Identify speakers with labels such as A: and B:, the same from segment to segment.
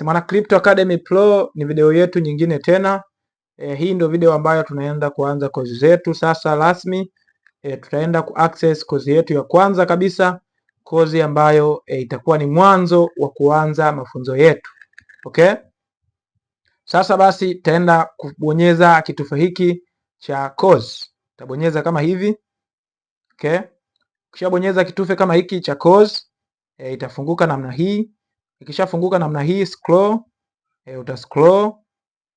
A: Yes, mwana Crypto Academy Pro ni video yetu nyingine tena. E, hii ndio video ambayo tunaenda kuanza kozi zetu sasa rasmi. E, tutaenda ku access kozi yetu ya kwanza kabisa, kozi ambayo e, itakuwa ni mwanzo wa kuanza mafunzo yetu. Okay? Sasa basi tutaenda kubonyeza kitufe hiki cha course. Tabonyeza kama hivi. Okay? Kisha bonyeza kitufe kama hiki cha course. e, itafunguka namna hii. Ikishafunguka namna hii scroll, e, uta scroll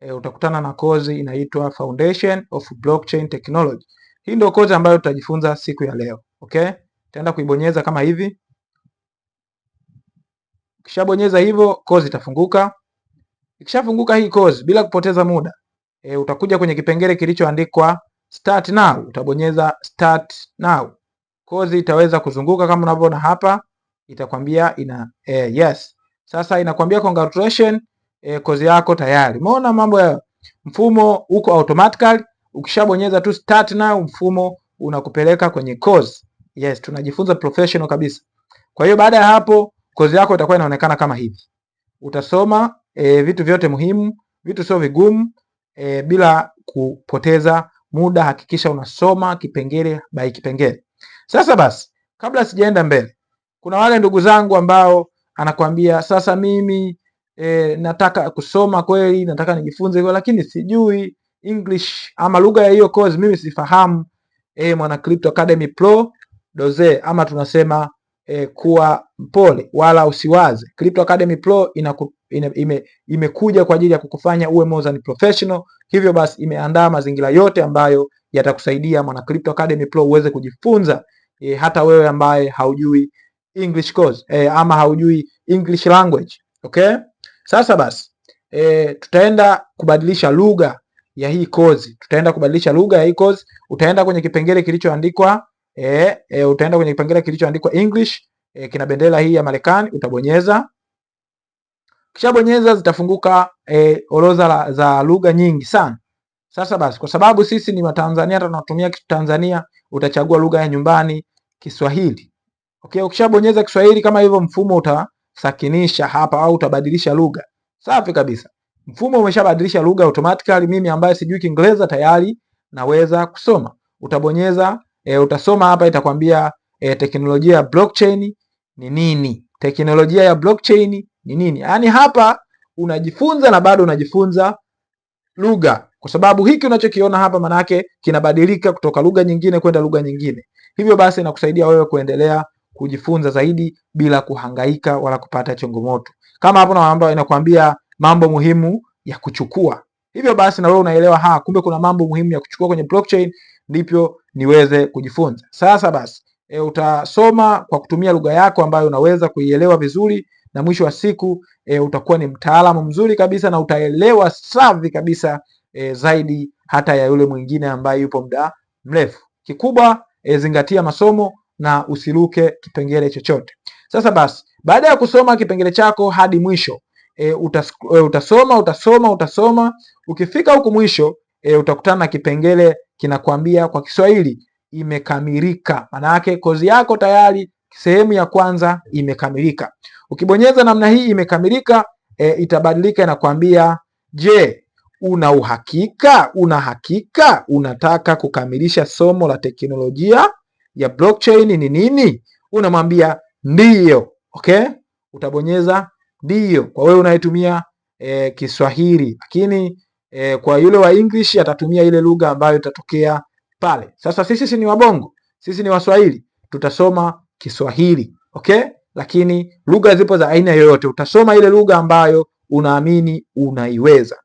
A: e, utakutana na kozi inaitwa Foundation of Blockchain Technology. Hii ndio kozi ambayo tutajifunza siku ya leo. Okay? Utaenda kuibonyeza kama hivi. Ukishabonyeza hivyo kozi itafunguka. Ikishafunguka hii kozi bila kupoteza muda, e, utakuja kwenye kipengele kilichoandikwa start now, utabonyeza start now. Kozi itaweza kuzunguka kama unavyoona hapa, itakwambia ina eh, yes sasa inakwambia congratulation, eh, kozi yako tayari. Umeona mambo ya mfumo uko automatically, ukishabonyeza tu start now mfumo unakupeleka kwenye course. Yes, tunajifunza professional kabisa. Kwa hiyo baada ya hapo kozi yako itakuwa inaonekana kama hivi. Utasoma e, vitu vyote muhimu, vitu sio vigumu e, bila kupoteza muda. Hakikisha unasoma kipengele by kipengele. Sasa basi, kabla sijaenda mbele, kuna wale ndugu zangu ambao anakwambia sasa mimi e, nataka kusoma kweli, nataka nijifunze hivyo, lakini sijui English ama lugha ya hiyo course mimi sifahamu. E, mwana Crypto Academy Pro doze, ama tunasema e, kuwa mpole wala usiwaze. Crypto Academy Pro inaku, ina, ime, imekuja kwa ajili ya kukufanya uwe more than professional. Hivyo basi imeandaa mazingira yote ambayo yatakusaidia mwana Crypto Academy Pro uweze kujifunza e, hata wewe ambaye haujui English course e, ama haujui English language okay. Sasa basi e, tutaenda kubadilisha lugha ya hii course, tutaenda kubadilisha lugha ya hii course. Utaenda kwenye kipengele kilichoandikwa e, e, utaenda kwenye kipengele kilichoandikwa English e, kina bendera hii ya Marekani, utabonyeza kisha bonyeza, zitafunguka e, orodha za lugha nyingi sana. Sasa basi, kwa sababu sisi ni Watanzania tunatumia Kitanzania, utachagua lugha ya nyumbani Kiswahili. Okay, ukishabonyeza Kiswahili kama hivyo, mfumo utasakinisha hapa au utabadilisha lugha. Safi kabisa, mfumo umeshabadilisha lugha automatically. Mimi ambaye sijui Kiingereza tayari naweza kusoma. Utabonyeza e, utasoma hapa, itakwambia e, teknolojia ya blockchain ni nini? Teknolojia ya blockchain ni nini? Yaani hapa unajifunza na bado unajifunza lugha, kwa sababu hiki unachokiona hapa manake kinabadilika kutoka lugha nyingine kwenda lugha nyingine. Hivyo basi nakusaidia wewe kuendelea kujifunza zaidi bila kuhangaika wala kupata changamoto. Kama hapo naomba inakwambia mambo muhimu ya kuchukua. Hivyo basi na wewe unaelewa ha, kumbe kuna mambo muhimu ya kuchukua kwenye blockchain, ndipo niweze kujifunza. Sasa basi e, utasoma kwa kutumia lugha yako ambayo unaweza kuielewa vizuri na mwisho wa siku e, utakuwa ni mtaalamu mzuri kabisa na utaelewa safi kabisa e, zaidi hata ya yule mwingine ambaye yupo muda mrefu. Kikubwa e, zingatia masomo na usiruke kipengele chochote. Sasa basi, baada ya kusoma kipengele chako hadi mwisho e, utas, e, utasoma utasoma utasoma. Ukifika huku mwisho e, utakutana na kipengele kinakwambia kwa Kiswahili imekamilika. Maana yake kozi yako tayari sehemu ya kwanza imekamilika. Ukibonyeza namna hii imekamilika, e, itabadilika inakwambia je, una uhakika, una hakika unataka kukamilisha somo la teknolojia ya blockchain ni nini? Unamwambia ndiyo. Okay, utabonyeza ndiyo kwa wewe unayetumia e, Kiswahili, lakini e, kwa yule wa English atatumia ile lugha ambayo itatokea pale. Sasa sisi ni Wabongo, sisi ni Waswahili, tutasoma Kiswahili okay, lakini lugha zipo za aina yoyote, utasoma ile lugha ambayo unaamini unaiweza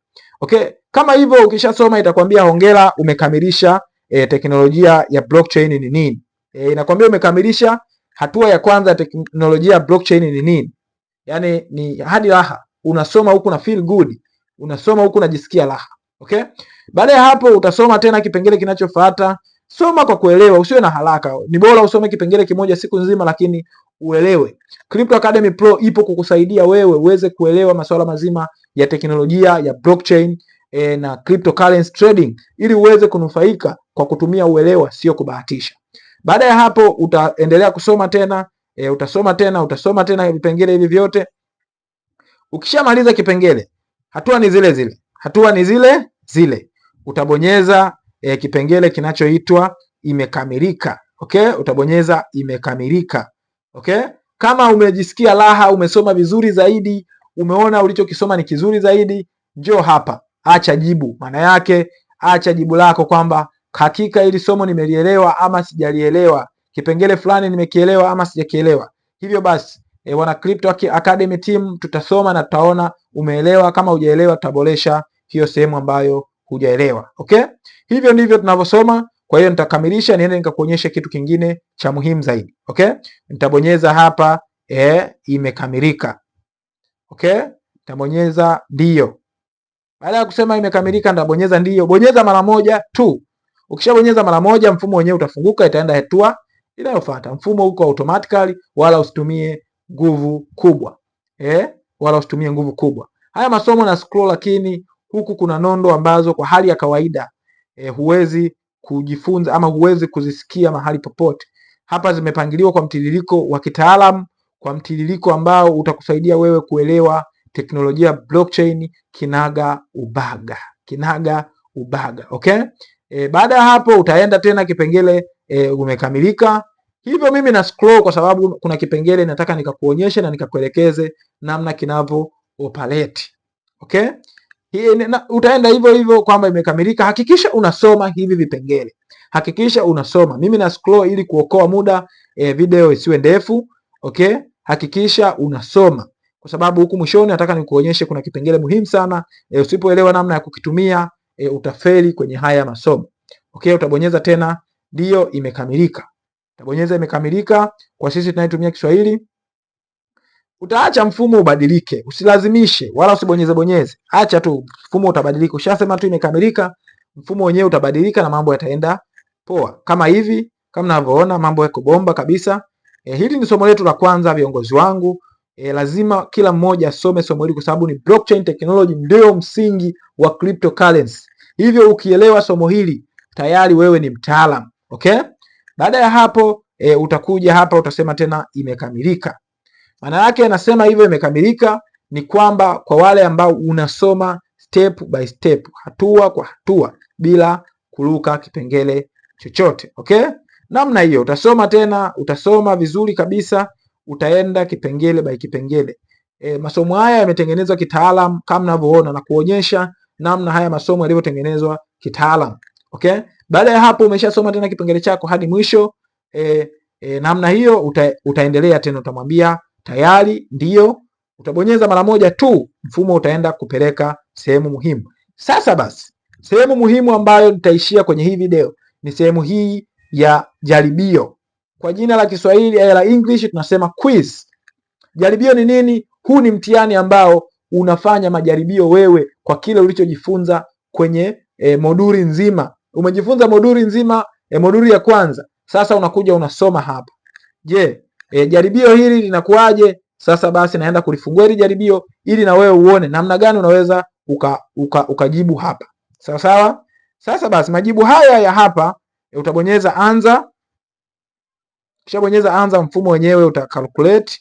A: okay. Kama hivyo ukishasoma itakwambia hongera, umekamilisha e, teknolojia ya blockchain ni nini e, inakwambia umekamilisha hatua ya kwanza ya teknolojia ya blockchain ni nini. Yani ni hadi raha, unasoma huku na feel good, unasoma huku unajisikia raha. Okay, baada ya hapo utasoma tena kipengele kinachofuata. Soma kwa kuelewa, usiwe na haraka. Ni bora usome kipengele kimoja siku nzima, lakini uelewe. Crypto Academy Pro ipo kukusaidia wewe uweze kuelewa masuala mazima ya teknolojia ya blockchain e, na cryptocurrency trading ili uweze kunufaika kwa kutumia uelewa, sio kubahatisha. Baada ya hapo utaendelea kusoma tena e, utasoma tena utasoma tena vipengele hivi vyote. Ukishamaliza kipengele, hatua ni zile zile, hatua ni zile zile, utabonyeza e, kipengele kinachoitwa imekamilika. Okay, utabonyeza imekamilika. Okay, kama umejisikia raha, umesoma vizuri zaidi, umeona ulichokisoma ni kizuri zaidi, njoo hapa, acha jibu, maana yake acha jibu lako kwamba hakika hili somo nimelielewa ama sijalielewa, kipengele fulani nimekielewa ama sijakielewa. Hivyo basi e, wana Crypto Academy team tutasoma na tutaona umeelewa. Kama hujaelewa, tutaboresha hiyo sehemu ambayo hujaelewa. Okay, hivyo ndivyo tunavyosoma. Kwa hiyo nitakamilisha, niende nikakuonyeshe kitu kingine cha muhimu zaidi. Okay, nitabonyeza hapa e, imekamilika. Okay, nitabonyeza ndio. Baada ya kusema imekamilika, nitabonyeza ndio. Bonyeza mara moja tu Ukishabonyeza mara moja, mfumo wenyewe utafunguka, itaenda hatua inayofuata. Mfumo uko automatically, wala usitumie nguvu kubwa eh, wala usitumie nguvu kubwa. Haya masomo na scroll, lakini huku kuna nondo ambazo kwa hali ya kawaida eh, huwezi kujifunza ama huwezi kuzisikia mahali popote. Hapa zimepangiliwa kwa mtiririko wa kitaalamu, kwa mtiririko ambao utakusaidia wewe kuelewa teknolojia blockchain kinaga ubaga, kinaga ubaga, okay. E, baada ya hapo utaenda tena kipengele e, umekamilika. Hivyo mimi na scroll kwa sababu kuna kipengele nataka nikakuonyeshe na nikakuelekeze namna kinavyo operate. Okay? Hii na, utaenda hivyo hivyo kwamba imekamilika. Hakikisha unasoma hivi vipengele. Hakikisha unasoma. Mimi na scroll ili kuokoa muda e, video isiwe ndefu. Okay? Hakikisha unasoma kwa sababu huku mwishoni nataka nikuonyeshe kuna kipengele muhimu sana e, usipoelewa namna ya kukitumia e, utafeli kwenye haya masomo. Okay, utabonyeza tena ndio imekamilika. Utabonyeza imekamilika, kwa sisi tunayetumia Kiswahili. Utaacha mfumo ubadilike, usilazimishe wala usibonyeze bonyeze. Acha tu mfumo utabadilika. Ushasema tu imekamilika, mfumo wenyewe utabadilika na mambo yataenda poa. Kama hivi, kama mnavyoona mambo yako bomba kabisa. E, hili ni somo letu la kwanza viongozi wangu. E, lazima kila mmoja asome somo hili kwa sababu ni blockchain technology ndio msingi wa cryptocurrency. Hivyo ukielewa somo hili tayari wewe ni mtaalamu, okay? Baada ya hapo e, utakuja hapa utasema tena imekamilika. Maana yake anasema hivyo imekamilika ni kwamba kwa wale ambao unasoma step by step, hatua kwa hatua bila kuruka kipengele chochote, okay? Namna hiyo utasoma tena, utasoma vizuri kabisa utaenda kipengele by kipengele. E, masomo haya yametengenezwa kitaalam kama mnavyoona na kuonyesha namna haya masomo yalivyotengenezwa kitaalam. Okay? Baada ya hapo umeshasoma tena kipengele chako hadi mwisho. E, e, namna hiyo uta, utaendelea tena utamwambia tayari ndiyo, utabonyeza mara moja tu, mfumo utaenda kupeleka sehemu muhimu. Sasa basi, sehemu muhimu ambayo nitaishia kwenye hii video ni sehemu hii ya jaribio. Kwa jina la Kiswahili eh, la English tunasema quiz. Jaribio ni nini? Huu ni mtihani ambao unafanya majaribio wewe kwa kile ulichojifunza kwenye e, moduli nzima. Umejifunza moduli nzima e, moduli ya kwanza. Sasa unakuja unasoma hapa. Je, e, jaribio hili linakuaje? Sasa basi naenda kulifungua hili jaribio ili na wewe uone namna gani unaweza ukajibu uka, uka hapa. Sawa sawa? Sasa basi majibu haya ya hapa utabonyeza anza kisha bonyeza anza, mfumo wenyewe uta calculate,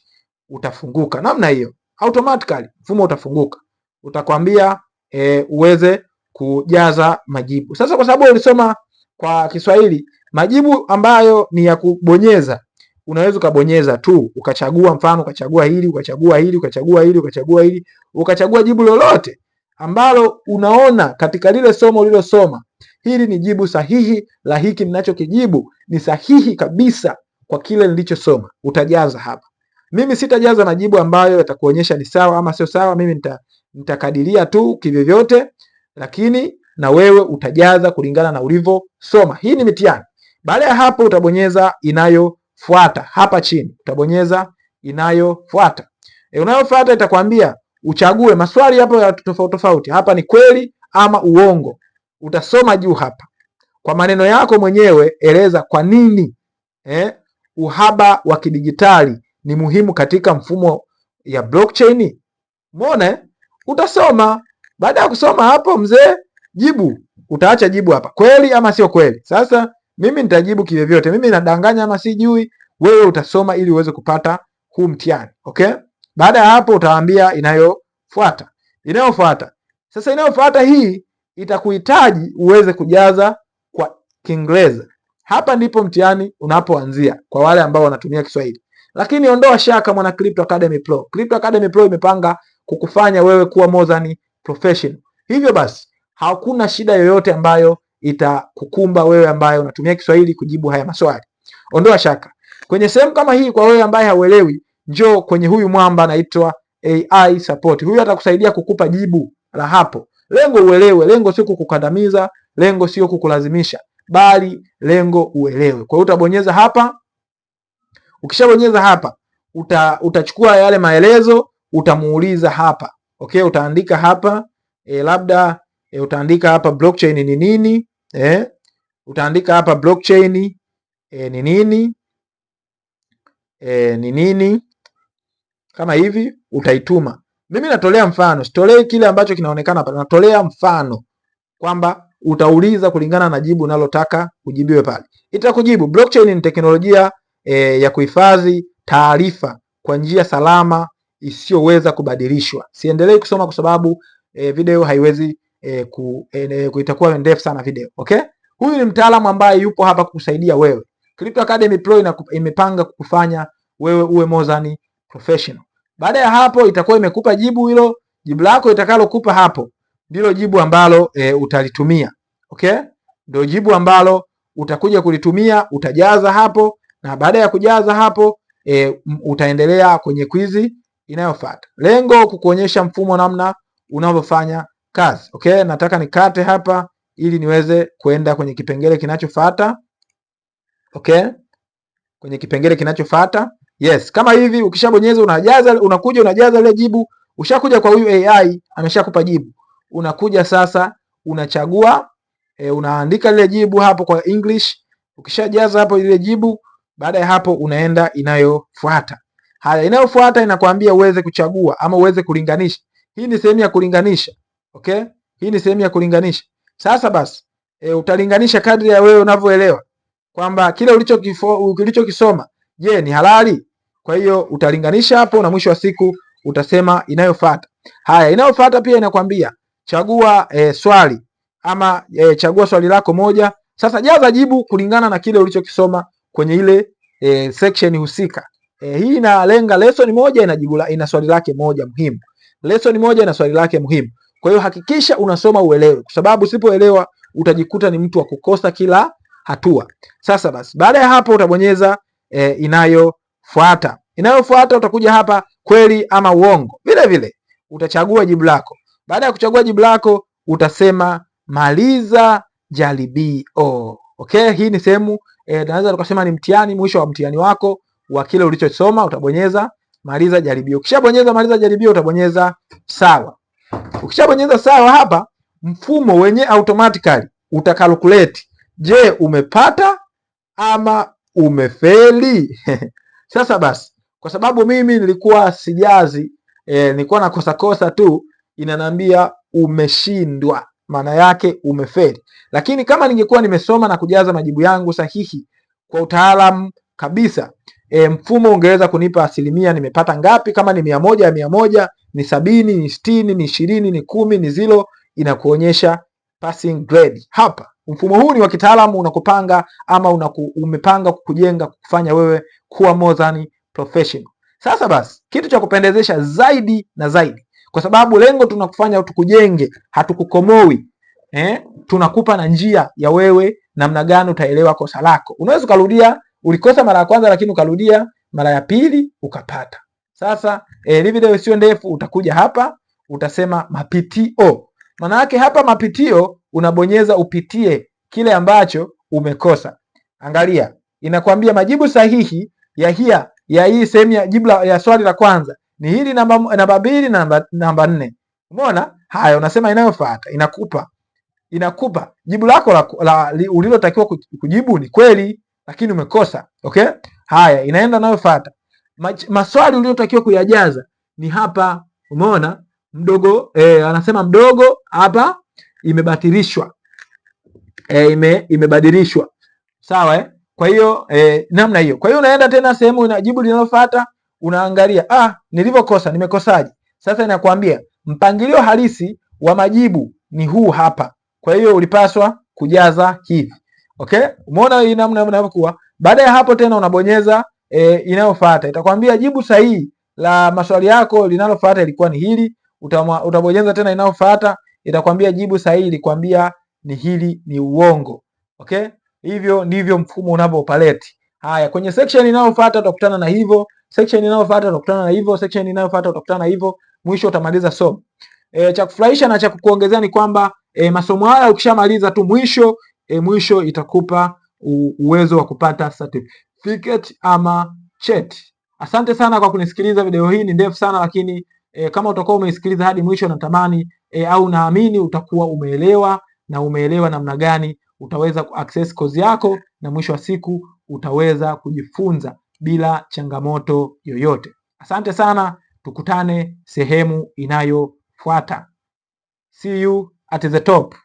A: utafunguka namna hiyo automatically, mfumo utafunguka, utakwambia e, uweze kujaza majibu. Sasa kwa sababu ulisoma kwa Kiswahili, majibu ambayo ni ya kubonyeza unaweza ukabonyeza tu ukachagua, mfano ukachagua hili ukachagua hili ukachagua hili ukachagua hili ukachagua jibu lolote ambalo unaona katika lile somo ulilosoma hili ni jibu sahihi la hiki ninachokijibu, ni sahihi kabisa kwa kile nilichosoma, utajaza hapa. Mimi sitajaza majibu ambayo yatakuonyesha ni sawa ama sio sawa. Mimi nita, nitakadiria tu kivyovyote, lakini na wewe utajaza kulingana na ulivyosoma. Hii ni mitihani. Baada ya hapo, utabonyeza inayofuata hapa chini, utabonyeza inayofuata. E, unayofuata itakwambia uchague maswali hapo ya tofauti tofauti. Hapa ni kweli ama uongo. Utasoma juu hapa, kwa maneno yako mwenyewe eleza kwa nini eh, uhaba wa kidijitali ni muhimu katika mfumo ya blockchain? Umeona, eh? utasoma. Baada ya kusoma hapo, mzee, jibu utaacha jibu hapa, kweli ama sio kweli. Sasa mimi nitajibu kivyovyote, mimi nadanganya ama sijui. Wewe utasoma ili uweze kupata huu mtihani okay. Baada ya hapo, utaambia inayofuata, inayofuata. Sasa inayofuata hii itakuhitaji uweze kujaza kwa Kiingereza hapa ndipo mtihani unapoanzia kwa wale ambao wanatumia Kiswahili. Lakini ondoa shaka, mwana Crypto Academy Pro. Crypto Academy Pro imepanga kukufanya wewe kuwa more than professional. Hivyo basi hakuna shida yoyote ambayo itakukumba wewe ambaye unatumia Kiswahili kujibu haya maswali. Ondoa shaka. Kwenye sehemu kama hii, kwa wewe ambaye hauelewi, njoo kwenye huyu mwamba anaitwa AI support. Huyu atakusaidia kukupa jibu la hapo. Lengo uelewe, lengo sio kukukandamiza, lengo sio kukulazimisha bali lengo uelewe. Kwa hiyo utabonyeza hapa. Ukishabonyeza hapa uta, utachukua yale maelezo utamuuliza hapa okay, utaandika hapa e, labda e, utaandika hapa blockchain ni nini e, utaandika hapa blockchain e, ni nini e, ni nini kama hivi utaituma. Mimi natolea mfano, sitolei kile ambacho kinaonekana hapa, natolea mfano kwamba utauliza kulingana na jibu unalotaka kujibiwe pale. Itakujibu. Blockchain ni teknolojia e, ya kuhifadhi taarifa kwa njia salama isiyoweza kubadilishwa. Siendelei kusoma kwa sababu e, video haiwezi e, ku, e, itakuwa ndefu sana video. Okay? Huyu ni mtaalamu ambaye yupo hapa kukusaidia wewe. Crypto Academy Pro imepanga kukufanya wewe uwe mozani professional. Baada ya hapo itakuwa imekupa jibu hilo, jibu lako itakalokupa hapo ndilo jibu ambalo e, utalitumia. Okay, ndio jibu ambalo utakuja kulitumia, utajaza hapo, na baada ya kujaza hapo e, utaendelea kwenye kwizi inayofuata. Lengo kukuonyesha mfumo namna unavyofanya kazi. Okay, nataka nikate hapa ili niweze kwenda kwenye kipengele kinachofuata. Okay, kwenye kipengele kinachofuata. Yes, kama hivi ukishabonyeza unajaza, unakuja unajaza ile jibu, ushakuja kwa huyu AI ameshakupa jibu unakuja sasa unachagua e, unaandika lile jibu hapo kwa English. Ukishajaza hapo lile jibu, baada ya hapo unaenda inayofuata. Haya, inayofuata inakwambia uweze kuchagua ama uweze kulinganisha. Hii ni sehemu ya kulinganisha, okay? Hii ni sehemu ya kulinganisha. Sasa basi e, utalinganisha kadri ya wewe unavyoelewa kwamba kile ulichokisoma, je, ni halali? Kwa hiyo utalinganisha hapo, na mwisho wa siku utasema inayofuata. Haya, inayofuata pia inakwambia chagua e, swali ama e, chagua swali lako moja. Sasa jaza jibu kulingana na kile ulichokisoma kwenye ile e, section husika. E, hii inalenga lesson moja ina jibu ina swali lake moja muhimu. Lesson moja ina swali lake muhimu. Kwa hiyo hakikisha unasoma uelewe, kwa sababu usipoelewa utajikuta ni mtu wa kukosa kila hatua. Sasa basi, baada ya hapo utabonyeza e, inayofuata. Inayofuata utakuja hapa kweli ama uongo. Vile vile utachagua jibu lako. Baada ya kuchagua jibu lako utasema maliza jaribio. Okay, hii ni sehemu e, tunaweza tukasema ni mtihani, mwisho wa mtihani wako wa kile ulichosoma utabonyeza maliza jaribio. Ukishabonyeza maliza jaribio utabonyeza sawa. Ukishabonyeza sawa, hapa mfumo wenye automatically utakalculate je, umepata ama umefeli? Sasa basi, kwa sababu mimi nilikuwa sijazi e, nilikuwa nakosakosa tu inaniambia umeshindwa, maana yake umefeli. Lakini kama ningekuwa nimesoma na kujaza majibu yangu sahihi kwa utaalamu kabisa e, mfumo ungeweza kunipa asilimia nimepata ngapi. Kama ni mia moja ya mia moja ni sabini ni sitini ni ishirini ni kumi ni zilo, inakuonyesha passing grade. Hapa mfumo huu ni wa kitaalamu, unakupanga ama unaku, umepanga kukujenga kufanya wewe kuwa more than professional. Sasa basi, kitu cha kupendezesha zaidi na zaidi kwa sababu lengo tunakufanya tukujenge, hatukukomoi eh? Tunakupa na njia ya wewe namna gani utaelewa kosa lako. Unaweza ukarudia, ulikosa mara ya kwanza, lakini ukarudia mara ya pili ukapata. Sasa eh, video sio ndefu, utakuja hapa utasema mapitio. Maana yake hapa mapitio, unabonyeza upitie kile ambacho umekosa. Angalia, inakwambia majibu sahihi ya hia ya hii sehemu ya jibu ya swali la kwanza ni hili namba namba mbili na namba, namba nne. Umeona haya, unasema inayofuata inakupa inakupa jibu lako la, la, la ulilotakiwa kujibu ni kweli, lakini umekosa. Okay, haya inaenda nayofuata maswali uliyotakiwa kuyajaza ni hapa. Umeona mdogo eh, anasema mdogo hapa imebatilishwa eh, ime, imebadilishwa sawa eh? Kwa hiyo eh, namna hiyo. Kwa hiyo unaenda tena sehemu ina jibu linalofuata unaangalia ah, nilivyokosa nimekosaje? Sasa inakwambia mpangilio halisi wa majibu ni huu hapa, kwa hiyo ulipaswa kujaza hivi. Okay, umeona hii namna inavyokuwa. Baada ya hapo tena unabonyeza e, inayofuata itakwambia jibu sahihi la maswali yako linalofuata ilikuwa ni hili. Utama, utabonyeza tena inayofuata itakwambia jibu sahihi ilikwambia ni hili, ni uongo. Okay, hivyo ndivyo mfumo unavyopaleti. Haya, kwenye section inayofuata utakutana na hivyo section inayofuata utakutana na hivyo, section inayofuata utakutana na hivyo, mwisho utamaliza somo. E, cha kufurahisha na cha kukuongezea ni kwamba e, masomo haya ukishamaliza tu mwisho e, mwisho itakupa uwezo wa kupata certificate ama cheti. Asante sana kwa kunisikiliza, video hii ni ndefu sana lakini e, kama utakuwa umeisikiliza hadi mwisho natamani e, au naamini utakuwa umeelewa na umeelewa namna gani utaweza kuaccess kozi yako na mwisho wa siku utaweza kujifunza bila changamoto yoyote. Asante sana, tukutane sehemu inayofuata. See you at the top.